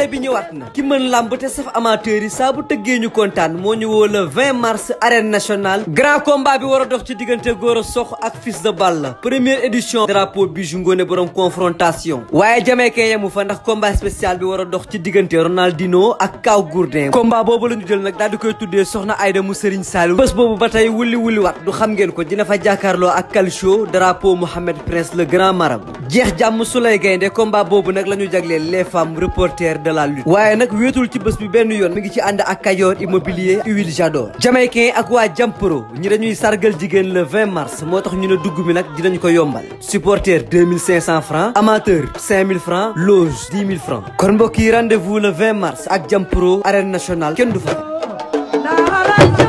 xale bi ñëwaat na ki mën làmb te saf amateur yi saa bu tëggee ñu kontaan moo ñu woo le 20 mars arène nationale grand combat bi war a a boobu la ñu nag daal koy tuddee soxna Aïda mu Serigne Saliou boobu ba tey wulli wulli wat du xam ngeen ko dina fa jàkkaarloo ak Calcio drapeau Mohamed Prince le grand marabout jeex jàmm su lay gaynde combat boobu nag la jagleel les femmes reporters de la waaye nag wéetul ci bés bi benn yoon mi ngi ci ànd ak Kajoor immobilier huile Jador jamaïcain ak waa Jampro ñi dañuy sargal jigéen le 20 mars moo tax ñu ne dugg mi nag dinañ ko yombal supporter 2500 francs amateur 5000 francs loge 10 000 francs kon mbokk yi rendez-vous le 20 mars ak Jampro arène nationale kenn du fa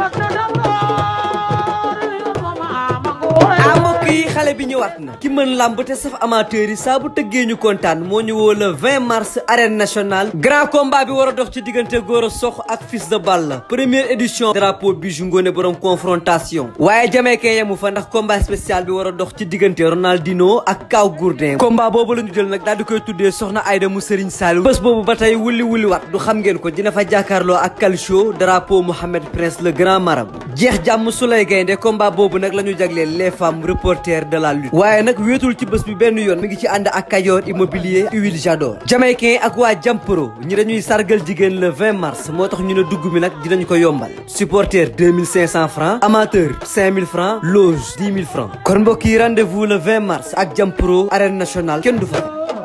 কতটা xale bi ñëwaat na ki mën làmb te saf amateur yi saa bu tëggee ñu kontaan moo ñu woo le mars arène nationale grand combat bi war a dox ci diggante Gora Sox ak Fils de Balla première édition drapeau bi ngoone borom confrontation waaye jameekee yemu fa ndax combat spécial bi war a dox ci diggante Ronaldinho ak Kaw Gourdin combat boobu la ñu nag daal koy tuddee soxna Aïda mu Serigne bés boobu ba tey wulli wulli wat du xam ngeen ko dina fa jàkkaarloo ak Calcio drapeau Mohamed Prince le grand marabout jeex jàmm su lay gaynde combat boobu nag la la lutte waaye nag wéetul ci bés bi benn yoon mi ngi ci ànd ak Kayor immobilier huile Jador jamaïcain ak waa Jampro ñi dañuy sargal jigéen le 20 mars moo tax ñu ne dugg bi nag dinañ ko yombal supporter 2500 francs amateur 5000 francs loge 10 000 francs kon mbokk yi rendez-vous le 20 mars ak Jampro arène nationale kenn du fa